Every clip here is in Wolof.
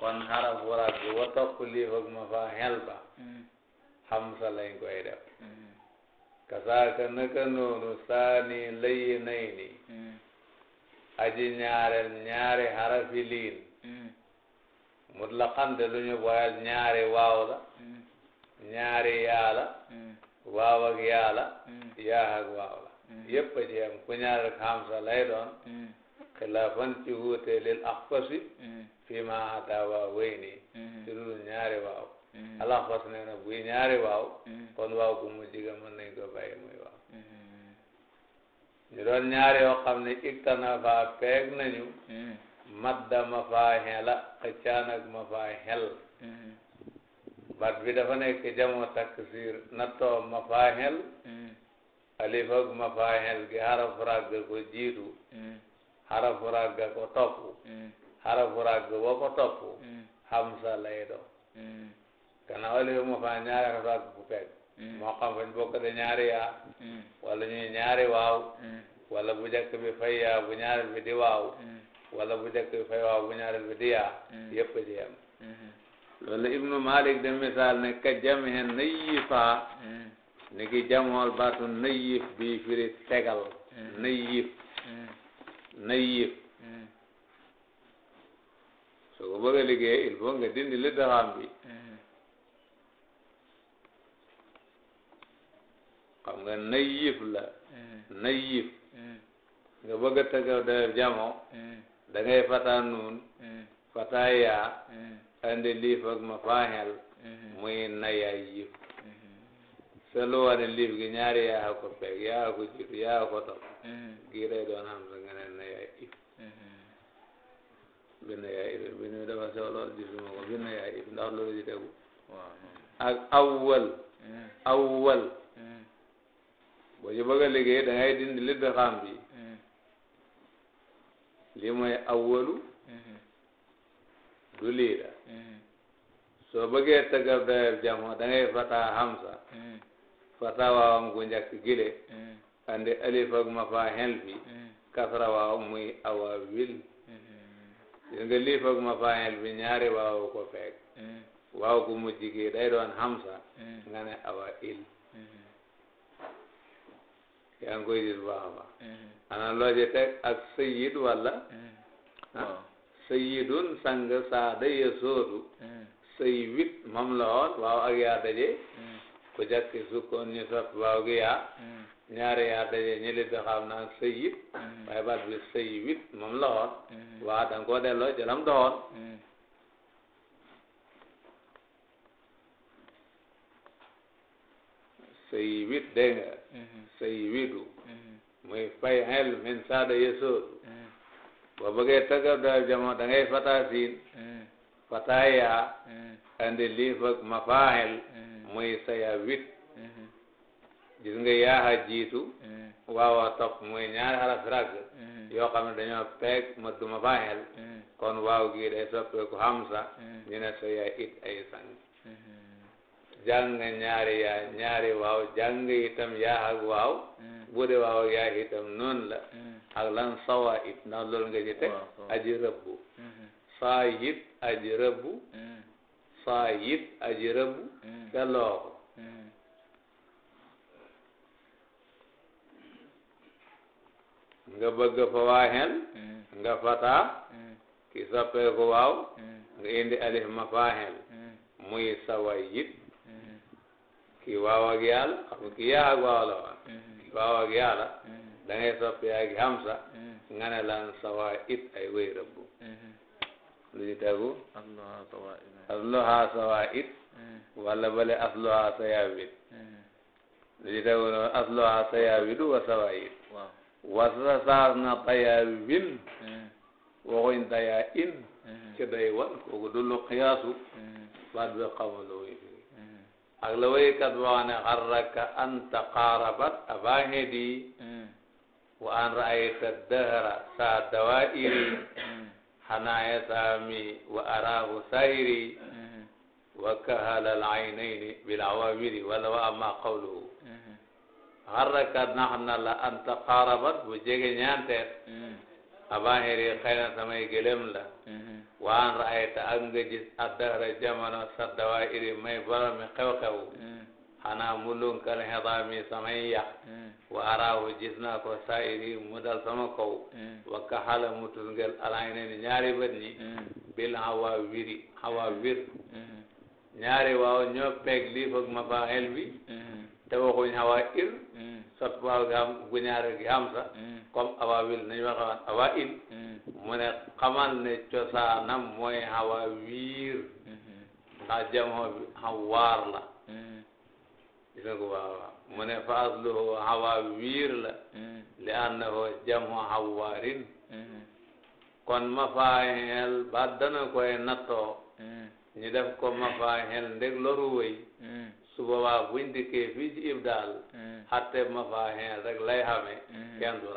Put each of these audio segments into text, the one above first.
kon xaraf waraab bi wa topp lii foog ma fa xel ba mm-hmm. xamsa lañ koy def mm-hmm. kasaaka naka noonu saani layi nay ni mm-hmm. aji ñaareel ñaari xarafi liin mutlaqan de lu ñu boyal ñaari waaw la ñaari yaa la waaw ku ñaareel xamsa lay doon xilaafan ci wuute lil axfasi fii ma ada waaw wéy nii ci waaw ala xos nee buy ñaari waaw kon waaw gu mu jiga mën nañ ko bàyyi muy waaw ñu doon ñaari yoo xam ne iktana faa peeg nañu mm-hmm. madda ma faa xela xëccaanak ma faa xel mm-hmm. bat bi dafa nekk jamo taksir nattoo ma faa xel mm-hmm. alif ak ma faa xel gi xarafu ràgg ko jiitu xarafu ràgg ko topp xarafu ràgg boo ko topp mm. hamza lay doon gannaaw mm. li mu fa ñaari xarafu ràgg bu pegg mm. moo xam fañ bokk de ñaari wala ñuy waaw wala bu jëkk bi fay yaa bu ñaareel bi di waaw wala bu jëkk bi fay waaw bu ñaareel bi di yaa yépp a jeem mm-hmm. ibnu malik de misaal ne ka jamihe nayifa ni ki jamool baatu nayif bi firi tegal nayif nayif soo ko bëgg a nga dindi li daxam bi xam nga nayif la nayif nga bëgg a tëggaw def jamo da ngay fataa nuun fataa yaa andi ma faaxel muy naya yif sa lu wane liif gi ñaari yaa ko peeg yaa ko jiitu yaa ko topp gii day doon xam nga ne naya yif bind yaay if bind mi dafa sew lool gisuma ko bind yaay if ndax loolu di tegu ak awwal eh. awwal eh. boo ci bëgg a liggéey da ngay dindi li bi xam eh. bi lii mooy awwalu du lii la soo bëggee tëggal dayab jamono da ngay fataa hamsa fataa waawam gu njëkk gile andi alif ak ma faa hen fi kasra waaw muy awawil gis nga lii foog ma faayel bi ñaari ko fekk eh. waaw gu mujj gi day doon hamsa eh. nga ne awa il eh. yaa ngi koy gis baax a baax ak sayid walla ah. sayidun sang saa daye sootu say wit moom la woon waaw ak yaa daje ku jàkk sukkoon ñu sot waaw yaa hmm. ñaari yaa daje ñëli bi xam naa sayid hmm. waaye baat bi sayid hmm. waa da nga koo delloo ci lam doon sayid dégg nga sayidu fay xel min saada yesoodu boo bëggee tëggal daal jamono da ngay fataa siin fataa yaa andi liif ak mafaahel mooy saya wit mhm. gis nga yaaxa jiitu mhm. waawa topp mooy ñaari xaraf rag mhm. yoo xam ne dañoo peeg ma duma fa xel kon waaw gii day soppeeku hamsa ñu ne saya it ay sang jàng nga ñaari yaa ñaari waaw jàng nga itam yaa ak waaw bu dee waaw yaa itam noonu la ak lan sawa it ndax loolu nga ci teg aji rëbbu saa it aji rëbbu faa yit aji rëbbu delloo hmm. ko hmm. nga bëgg fa hmm. ki soppeeku waaw nga indi alif ma faaxen muy sawa yit ki waaw ak yàlla ki yaa ak waaw la woon ki waaw ak yàlla da ngay soppi ak hamsa nga ne lan sawa it ay wéy rëbbu lu ci tegu asluha sawaid hmm. walla bale asluha sayawid hmm. lu ci tegu noonu asluha sayawidu wa sawaid wasa saas na tayawin hmm. waxuñ taya in ci day wan kooku du lu xiyaasu baat bi xamul ak la waykat wax ne xarraka an taqaarabat avant hedi wa raayta dahra saa dawairi xanaaye saami wa araahu saayiri wa kahala al aynayni bil awamiri wala wa amma qawluhu xarraka nax na la an taqaarabat bu jege ñaanteet abahiri xëy na samay gëlëm la waan raayta ak nga gis addahra jamono sa dawaayiri may boromi xew-xew xanaa mu lunkal xedaami samay yàq hmm. wa araahu gis naa ko saayiri mu dal sama kaw hmm. wa kaxala mu tusngel ni ñaari bët ñi bil hawa wiri hawa hmm. wir ñaari waaw ñoo peeg lii foog ma faaxel bi te waxuñ hawa il sot waaw gi am gu ñaari gi am sa comme awa wil nañu waxoon awa il mu ne xamal ne cosaanam hawa wiir ndax jamoo bi hawaar gis mu ne faas lu hawa wiir la li annahu jamu hawaarin kon mafaahel ba dana koy nattoo ñu def ko mafaahel ndeg loru wëy su boobaa buñ dikkee fii ci ibdaal xatte mafaahel rek lay xamee kenn du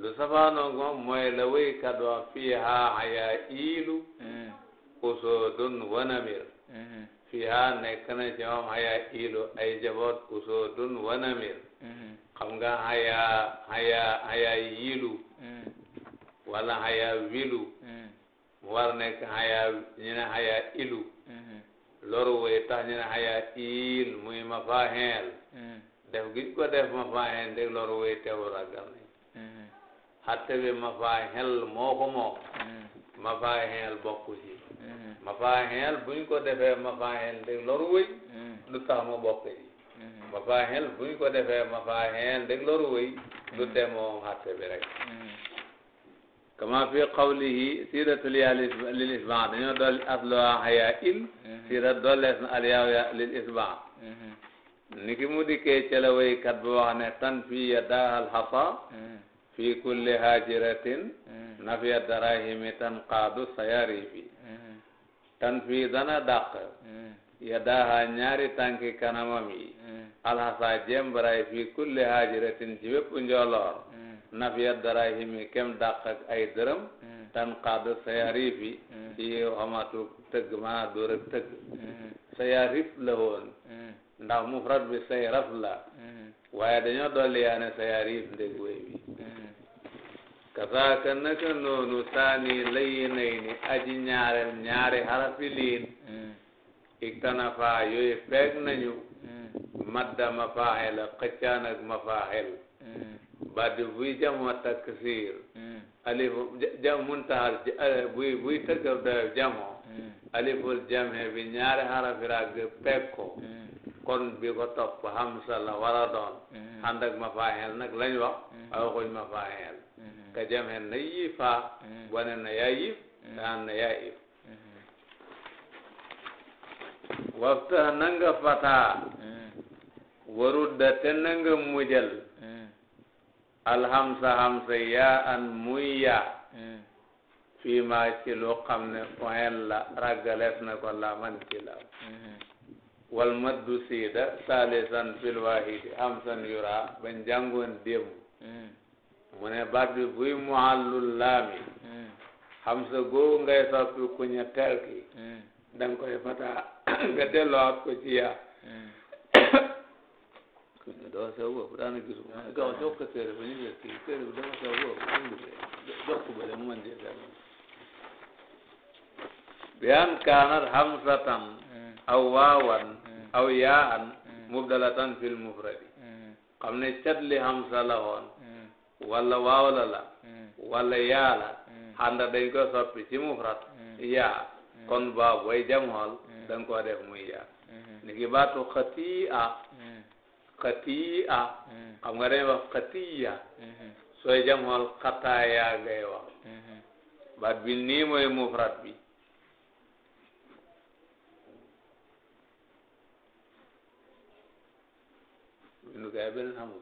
lu safaanoo mooy la wëykat wa fiihaa hayaa iilu usoodun wanamir fiha nekk na ci moom haya ilu ay jaboot usoodun wanamir xam nga haya haya haya yilu wala haya wilu mu war nekk haya ñu ne ilu loru way tax ñu ne def gi ko def ma faaheel deg loru way teewu ragal nañ xatte bi ma faaheel moo ko moom ma faaheel bokku ci mafaahil buñ ko defee mafaahil de loru wëy lu mm. tax mu bokk yi mm-hmm. mafaahil buñ ko defee mafaahil de loru wëy lu mm-hmm. te moom xatte bi rek mm-hmm. kama fi qawlihi siratu lil isbaa dañoo dolli asluha haya in sira dollees na alyaaw lil isbaa ni ki mu dikkee ca la waykat bu wax ne tan fii ya daahal xasa fi kulli haajiratin nafiya darahimi tan qaadu sayari fi tan fii dana dàq eh. yadaaha ñaari tànki kanamam yi eh. alxasa jembaray fii kulli hajiratin ci wépp njooloor eh. nafiya darahimi kem dàq ak ay dërëm tan xadd sayarif yi ci tëgg maanaam dóor ak tëgg sayarif la woon ndax mufrad bi sayraf la waaye dañoo dolli yaane sayarif ndég wéy bi kazaaka naka noonu saani la nay ni aji ñaareel ñaari harafi liin mm. iktana faa yooyu feeg mm. nañu mm. madda mafaaxel xëccaan ak mafaaxel baddi buy jamoo taksiir jam muntahal eh, buy buy tëggal jamoo aliful jamhe bi ñaari harafi rag peeg ko kon bi ko topp hamsa la wara doon ànd ak mafaaxel nag lañ wax aw xuñ mafaaxel ka jam hen na yiifa bone mm-hmm. na yaa yiif mm-hmm. taan na yaa mm-hmm. na nga fataa warudda te na nga mujal alhamsa hamsa yaa an muy yaa ci lu xam ne point la raggalees na ko la man ci la wal maddu siida saalisan fil waahidi hamsan yura ban jàngoon démb mu ne baat bi buy muhallul laami hmm. xam sa ngay soppi ku ñetteel ki hmm. danga koy fataa nga delloowaat ko ci yaa hmm. dafa sew boobu daana gisu ma ah, gaw jox ko téere ba ñu gis kii téere bi dafa sew boobu indi jox ko bële mu mën jëfee bi an kaanat hamsatan aw waawan aw yaan mubdalatan fil mufradi xam ne cat li hamsa la woon walla waaw la la hmm. walla yaa la hmm. handa dañ ko soppi ci mufrat hmm. yaa kon baa booy jamhol dañ ko def muy yaa niki baatu xati'a xati'a xam nga dañ wax xatiya sooy jamhol xataaya ngay wax baat bi nii mooy mufrat bi bindu kay beneen xamu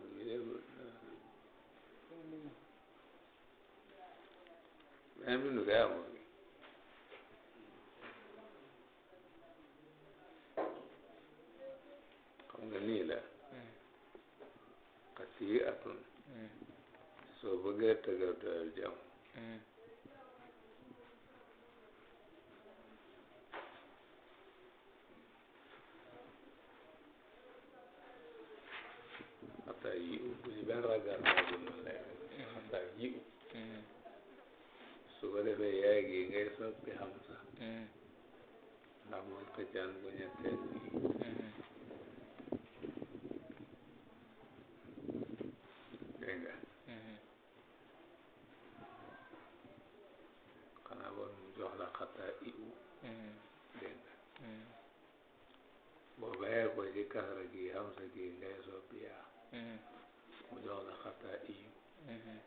beneen bi nu koy amul xam nga nii la xas yi atun soo bëggee tëggal doyal jàmm Sufyaan bu ñetteel bi dégg nga xanaa bon mu jox la xataa iu mm-hmm. dégg nga mm-hmm. boo bayee ko ci kasra gi hamza gi ngay soppi yaa mu jox la xataa iu mm-hmm.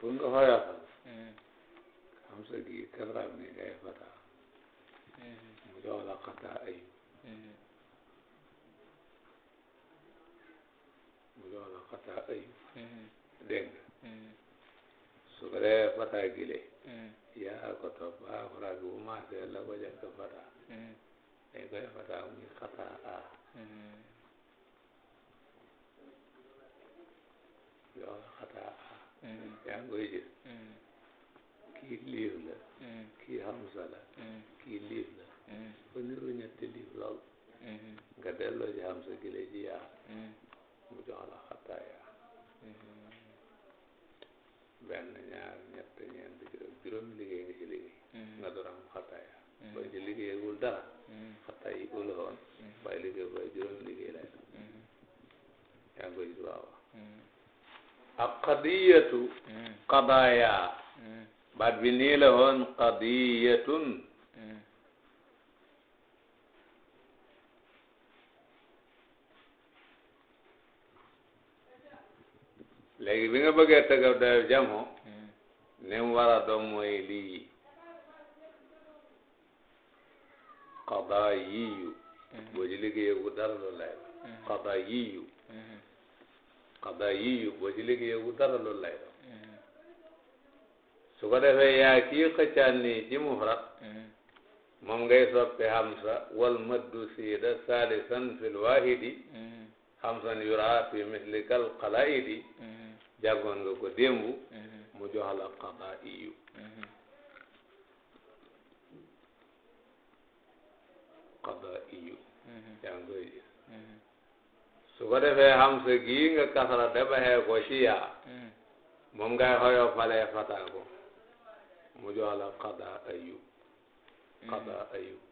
pour nga xoyofal hamsa gi kasra ni ngay fata mu jox la xata ayib mu jox la xata ayib dégg nga su ko dee fata gile yaa ko topp ba fara gi bu maasee la ko jëkk fata dañ koy fata muy xata a jox la yaa ngi koy gis kii la kii hamsa la kii liir la ba niru ñetti liir lool nga delloo ci hamsa gi la ji yaa mu jox la xataa yaa benn ñaar ñett ñeent juróomi liggéey nga ci liggéey nga door am xataa yaa ba ci liggéeyagul dara xataa yi ula woon waaye liggéey ba juróomi liggéey lay yaa ngi koy gis ak qadiyatu qadaya baat bi nii la woon qadiyatun léegi bi nga bëggee tëggaw dayo jamo ni mu war a doon mooy lii qadayiyu boo ci liggéeyee ku dara lu lay qadayiyu xadaa yii yu boo ci liggéeyee bu dara loolu lay doon mm-hmm. su ko defee yaa kii xëccaan nii ci mufrad mm-hmm. moom ngay soppi hamsa wal maddu siida saalisan fil waahidi mm-hmm. hamsan yuraa fi mislikal qalaaidi jàngoon nga ko démb mu jox la xadaa iyu xadaa iyu yaa ngi koy gis su ko defee hamsa gii nga kasara te baxee ko hmm. ci yaa moom ngay xoyo falee fataa ko mu jox la qada ayub qada hmm. ayub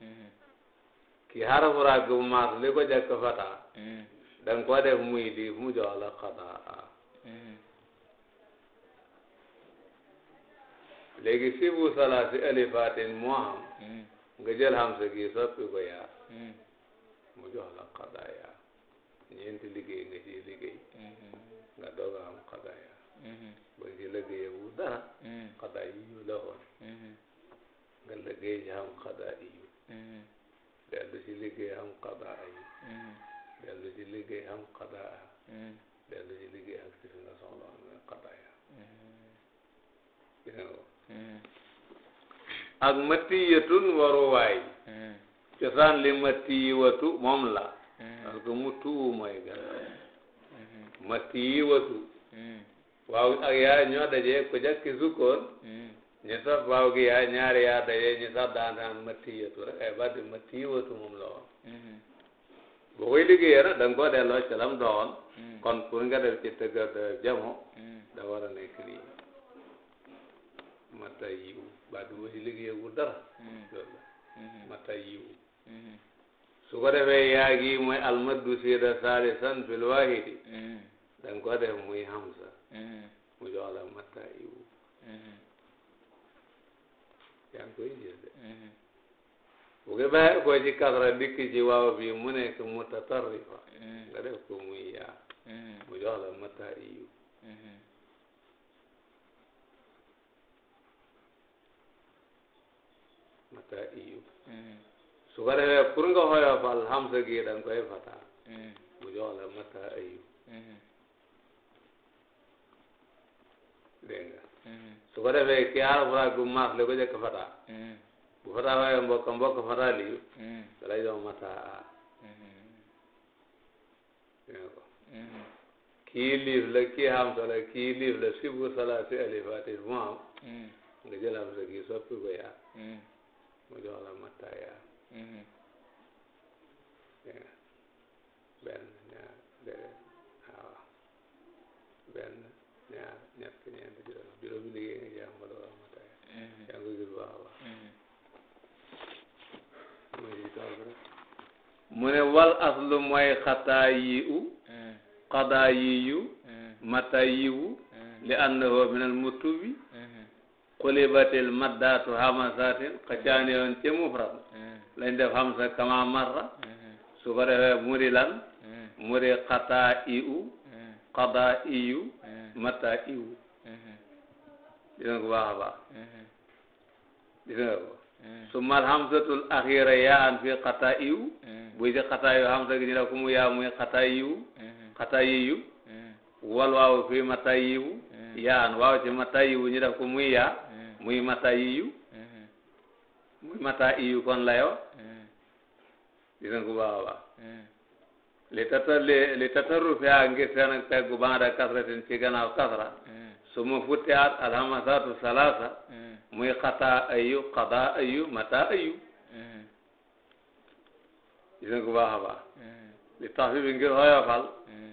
hmm. ki xarafu ràgg bu maas li ko jëkk fataa danga ko def muy diif mu jox la qada a léegi si bu salaasi alifatin moo am hmm. nga jël hamsa gi soppi ko yaa hmm. mu jox la qadaaya ñeenti liggéey nga ciy liggéey hmm. nga doog a am qadaaya ba ci liggéey bu dara qadaa yi yu la woon nga liggéey ci am qadaa yi dellu ci liggéey am qadaa yi dellu ci liggéey am qadaa dellu ci liggéey ak si fi nga soxla am qadaa yaa Hmm. ak matiyatun waruwaay hmm. cosaan li matiyatu moom la hmm. parce que mutu mooy gànnaay matiyatu waaw ak yaa ñoo dajee ku jakki sukkoon ñu sax waaw gi yaa ñaari yaa dajee ñu sax daan daan matiyatu rek ay eh, baat di matiyatu moom la woon boo koy liggéeyee nag da nga koo delloo ca lam doon kon pour nga def ci tëgg euh, jamono da war a nekk mata yiwu ba du ma si liggéeyagu dara mm-hmm. loolu mm-hmm. mata yiwu mm-hmm. su ko defee yaa gi mooy almaddu siida saalisan fil waahidi da nga ko def muy hamsa mu jox mata yiwu yaa ngi koy gis de bu ko ko ci kasra dikk ci bi mu nekk mutatarrifa nga def ko muy yaa mu jox mata yiwu mata iyu su ko defee pour nga xoyofal hamza gi da nga koy fata mu jox la mata iyu dégg nga su ko ki arab ra gu la ko jëkk fata bu fata waaye mbokk mbokk fata liyu da lay jox mata a dégg ko kii la kii hamza la kii liif la sibu salaasi alifatil mu am nga jël hamza gi soppi ko yaa mu jox la mataaya dégg nga benn ñaar déedéet waaw benn ñaar ñett ñeent juróom juróomi liggéey nga jaam ba doora mataaya yaa ngi ko gis baax a baax mu ne wal aslu mooy xataa yi u xadaa mm-hmm. yi yu mm-hmm. mata yiwu mm-hmm. li annahu min al mutubi xulibatil maddaatu hamasatin xëccaani yoon ci mufrad eh. lañ def hamsa kama marra eh. su ko defee muri lan eh. muri xataa iu xadaa iyu mataa iwu gis su mal hamsatul axira yaa an fi xataa iwu buy si xataa yu hamsa gi ñu ne ko mu yaa muy xataa iwu xataa yiyu wal waaw fi mataa yiwu yaa an waaw ci mataa yiwu ñu def ko muy yaa muy mata yiyu eh. muy mata iyu kon layo eh. dina ko baax a baax eh. li tata li li tataru fi a ngir seen ak peggu baa da kasratin ci gannaaw kasra su ma futti at alhamasatu salasa muy xataa ayu xadaa ayu mata ayu dina ko baax a baax li tax fi bi ngir xoyofal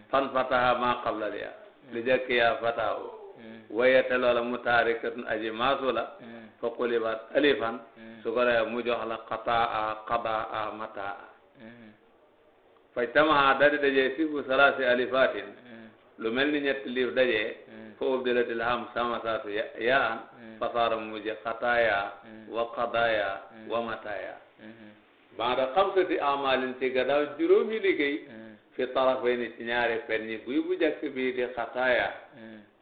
fan fataha maa qabla liya li jëkk yaa fataawu Eh. waye te loola mu taarikatun aji maasu la eh. fa qulibat alifan eh. su ko defee mu jox la qataa qadaa mataa fajtamaha dadi dajee sifu salaasi alifatin lu mel ni ñetti liif dajee fa ubdilat ilham samasaatu yaan fasaara mujj qataaya wa qadaaya wa mataaya baada xamsati amalin ci gadaaw juróomi liggéey fi tarafayni ci ñaari fen ñi buy bu jàkk bii di qataaya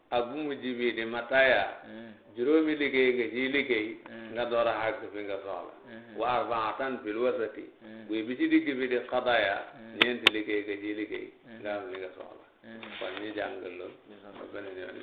ak bu ji bii di mataya eh. juróomi liggéey nga ciy liggéey eh. nga door a xàgg fi nga soxla eh. wa arbaatan fil wasati buy bi ci digg bi di xadaya ñeenti liggéey nga ciy liggéey nga am nga soxla kon ñu jàngal lool ba beneen yoon